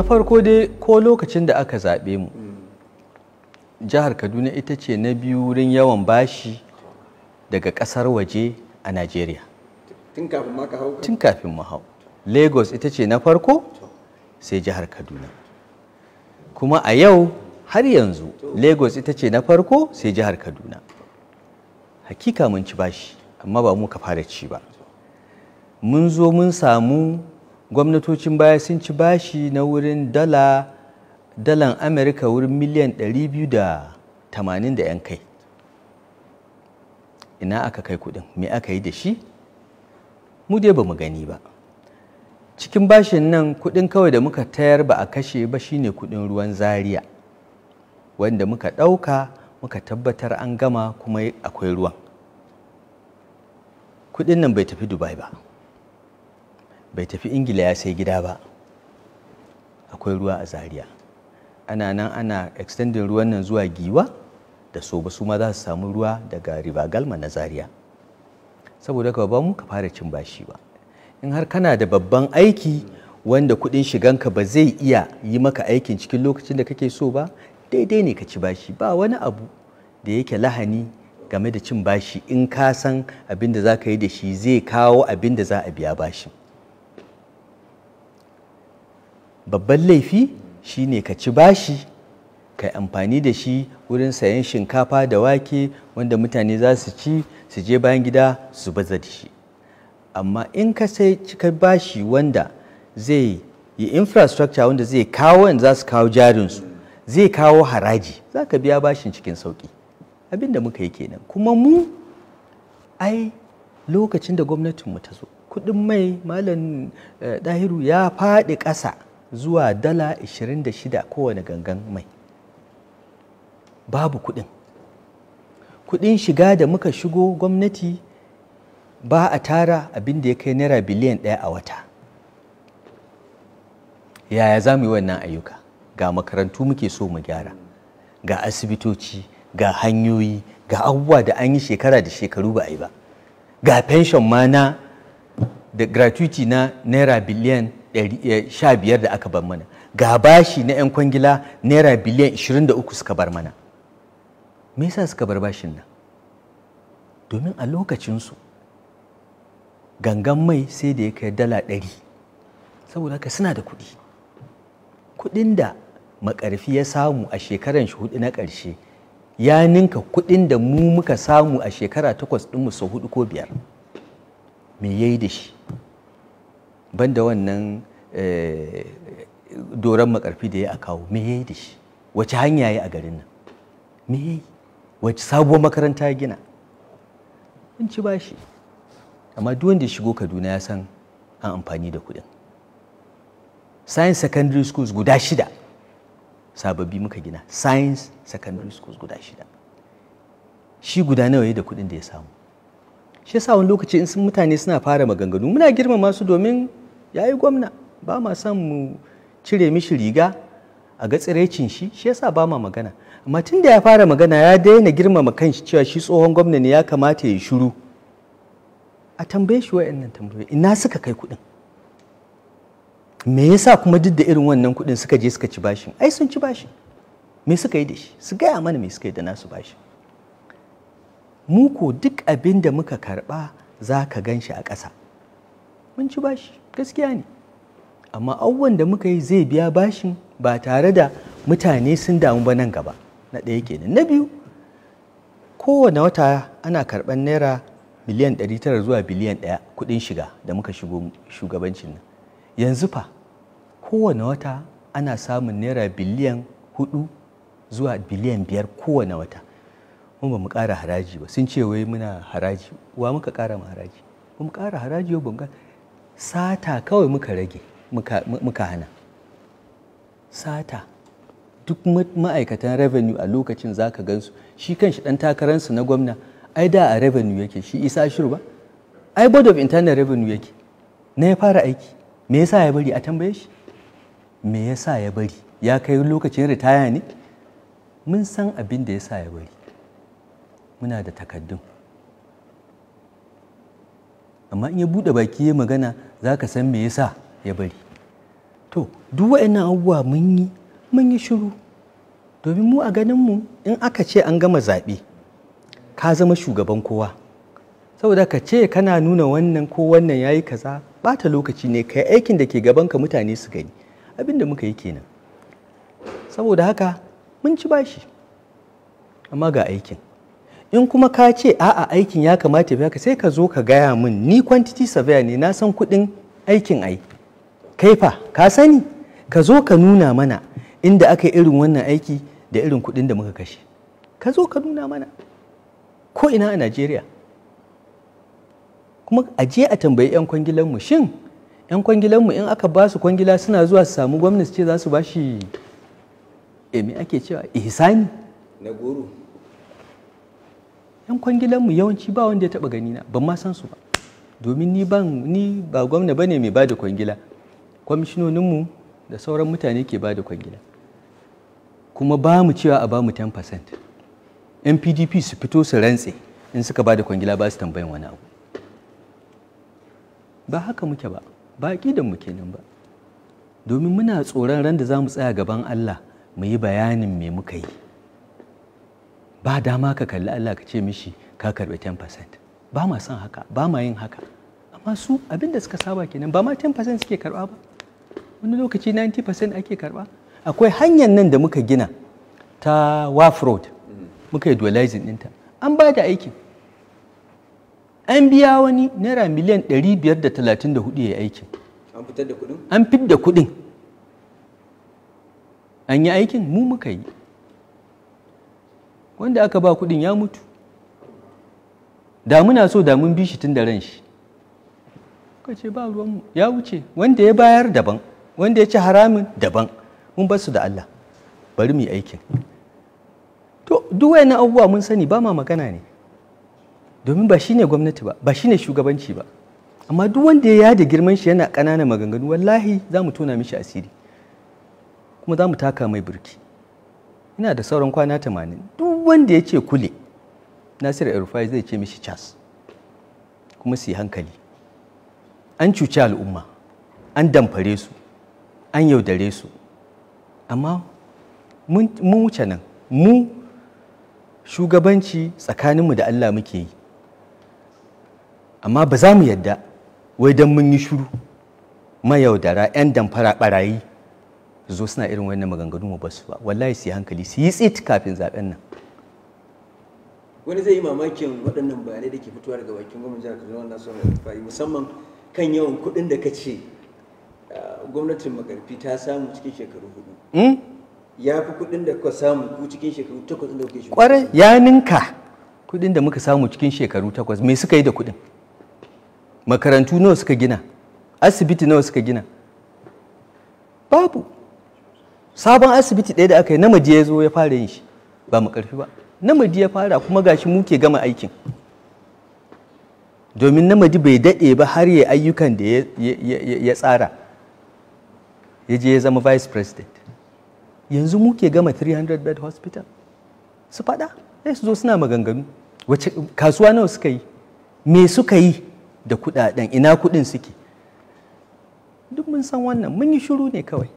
na farko dai ko lokacin da aka zaɓe mu jihar kaduna ita ce na biyu wurin yawan bashi daga ƙasar waje a najeriya tun kafin mu hau lagos ita ce na farko sai jihar kaduna kuma a yau har yanzu lagos ita ce na farko sai jihar kaduna hakika mun ci bashi amma ba mu ka fara ci ba mun zo mun samu gwamnatocin baya sun ci bashi na wurin dala dalan amerika wurin miliyan 280 da 'yan kai ina aka kai kudin me aka yi da shi mu dai ba mu gani ba cikin bashin nan kudin kawai da muka tayar ba a kashe ba shine kudin ruwan zaria wanda muka ɗauka muka tabbatar an gama kuma akwai ruwan kudin nan bai tafi dubai ba bai tafi ingila ya sai gida ba akwai ruwa a zaria ana nan ana extending ruwan nan zuwa giwa da soba su ma za su samu ruwa daga riba galma na zaria saboda ka ba mu ka fara cin bashi ba in har kana da babban aiki wanda kudin shiganka ba zai iya yi maka aikin cikin lokacin da kake so ba daidai ne ka ci bashi ba wani abu da yake lahani game da cin bashi in ka san abin da za ka yi da shi zai kawo abin da za a biya bashin babban laifi shi ne ka ci bashi ka yi amfani da shi wurin sayan shinkafa da wake wanda mutane za su ci su je bayan gida su baza da shi amma in ka sai cika bashi wanda zai yi infrastructure wanda zai kawo yanzu za su kawo jarinsu zai kawo haraji za ka biya bashin cikin sauki abin da muka yi kenan kuma mu ai lokacin da gwamnatinmu ta zo kuɗin mai malam eh, dahiru ya faɗi ƙasa zuwa dala 26 kowane gangan mai babu kuɗin, kuɗin shiga da muka shigo gwamnati ba a tara abinda ya kai naira biliyan ɗaya a wata yaya za mu yi wannan ayyuka ga makarantu muke so mu gyara ga asibitoci ga hanyoyi ga abubuwa da an yi shekara da shekaru ba a yi ba ga fenshon ma na da gratuity na naira biliyan 15 eh, da aka bar mana ga bashi na 'yan kwangila naira biliyan 23 suka bar mana me yasa suka bar bashin nan domin a lokacinsu gangan mai sai da ya kai dala ɗari saboda haka suna da kuɗi kuɗin da makarfi ya samu a shekaran shi hudu na ƙarshe ya ninka kuɗin da mu muka samu a shekara takwas mu sau hudu ko biyar me ya yi da shi banda wannan eh, doron makarfi da ya a kawo me ya yi da shi wace hanya ya yi a garin nan me ya yi wace sabuwar makaranta ya gina in ci ba shi amma duk wanda ya shigo kaduna ya san an amfani da kuɗin science secondary schools guda shida sababbi muka gina science secondary schools guda shida shi guda nawa ya da kuɗin da ya samu shi yasa wani lokaci in sun mutane suna fara maganganu muna girmama su domin ya yi gwamna ba ma son mu cire mishi riga a ga tsiraicin shi shi yasa ba ma magana amma tun da ya fara magana ya daina girmama kanshi cewa shi tsohon gwamna ne ya kamata ya shiru a tambaye shi wa'annan tambayoyi ina suka kai kuɗin me yasa kuma duk da irin wannan kuɗin suka je suka ci bashin ai sun ci bashin me suka yi da shi su gaya mana me suka yi da nasu bashin mu ko duk abin da muka karɓa za ka gan shi a ƙasa mun ci bashi gaskiya ne amma abubuwan da muka yi zai biya bashin ba tare da mutane sun damu ba nan gaba na ɗaya kenan na biyu kowane wata ana karɓar naira miliyan 900 zuwa biliyan 1 kuɗin shiga da muka shigo shugabancin nan yanzu fa kowane wata ana samun naira biliyan 4 zuwa biliyan 5 kowane wata mun ba mu ƙara haraji ba sun ce wai muna haraji wa muka ƙara ma haraji ba mu ƙara haraji ba mu ƙara sata kawai muka rage muka hana sata duk ma'aikatan revenue a lokacin za ka gansu shi kan shi ɗan takararsu na gwamna ai da a revenue yake shi isa shirba ai board of internal revenue yake na ya fara aiki me yasa ya bari a tambaye shi me yasa ya bari ya kai lokacin ritaya ne mun san abin da yasa ya bari muna da takaddun amma in ya buɗe baki ya magana za ka san me yasa ya bari to duk wa'annan abubuwa mun yi mun yi shiru domin mu a ganin mu in aka ce an gama zaɓe ka zama shugaban kowa saboda ka ce kana nuna wannan ko wannan ya yi kaza bata lokaci ne ka aikin da ke gaban ka mutane su gani abin da muka yi kenan saboda haka mun ci bashi amma ga aikin in kuma ka ce a'a aikin ya kamata biya ka sai ka zo ka gaya min ni quantity surveyor ne na san kuɗin aikin ai kai fa ka sani ka zo ka nuna mana inda aka yi irin wannan aiki da irin kuɗin da muka kashe ka zo ka nuna mana ko ina a najeriya kuma a je a tambayi 'yan mu shin 'yan kwangilanmu in aka ba su kwangila suna zuwa su samu gwamnati ce za su ba shi eh, me ake cewa ihsani na goro 'yan mu yawanci ba wanda ya taɓa gani na ban ma san su ba domin ni ban ni ba gwamna bane mai ba da kwangila mu da sauran mutane ke ba da kwangila kuma ba mu cewa a ba mu 10% npdp su fito su rantse in suka ba da kwangila ba su tambayin wani abu ba haka muke ba ba da mu kenan ba domin muna tsoron ran da za mu tsaya gaban allah mu yi bayanin me muka yi ba dama ka kalli Allah ka ce mishi ka karbi 10% ba ma son haka ba ma yin haka amma su abin da suka saba kenan ba ma 10% suke karɓa ba wani lokaci 90% ake karɓa akwai hanyar nan da muka gina ta waf road muka yi dualizing ɗinta an ba da aikin an biya wani naira miliyan 534 ya yi aikin an fitar da kuɗin an fit da kuɗin an yi aikin mu muka yi wanda aka ba kuɗin ya mutu da muna so da mun bi shi tun da ran shi ka ce ba ruwanmu ya wuce wanda ya bayar daban wanda ya ci haramin daban mun bar su da Allah bari mu yi aikin to duk wani abubuwa mun sani ba ma magana ne domin ba shine gwamnati ba ba shine shugabanci ba amma duk wanda ya yada girman shi yana ƙananan maganganu wallahi za mu tona mishi asiri kuma za mu taka mai burki ina da sauran kwana tamanin duk wanda ya ce kule nasir rufai zai ce mishi cas kuma su yi hankali an cuci al'umma an damfare su an yaudare su amma mun wuce nan mu shugabanci tsakaninmu da allah muke yi amma ba za mu yadda wai don mun yi shuru mayaudara 'yan damfara barayi su zo suna irin wannan maganganu mu basu ba wallahi su yi hankali su yi tsit kafin zaben nan wani zai yi mamakin waɗannan bayanai da ke fitowa daga bakin gwamnatin jihar Kaduna na son fa'i musamman kan yawan kuɗin da kace ah, gwamnatin makarfi ta samu cikin shekaru hudu hmm? ya fi kuɗin da ka samu ku cikin shekaru takwas da kuke kwarai ya ninka kuɗin da muka samu cikin shekaru takwas me suka yi da kuɗin makarantu nawa suka gina asibiti nawa suka gina babu sabon asibiti ɗaya da aka yi namadi ya zo ya fara yin shi ba mu ƙarfi ba namadi ya fara kuma gashi mu ke gama aikin domin namadi bai daɗe ba har ya ayyukan da ya tsara ya je ya zama vice president yanzu mu ke gama 300 bed hospital su faɗa sai su zo suna maganganu wace kasuwa nawa suka yi me suka yi da kuɗaɗen ina kuɗin suke duk mun san wannan mun yi shiru ne kawai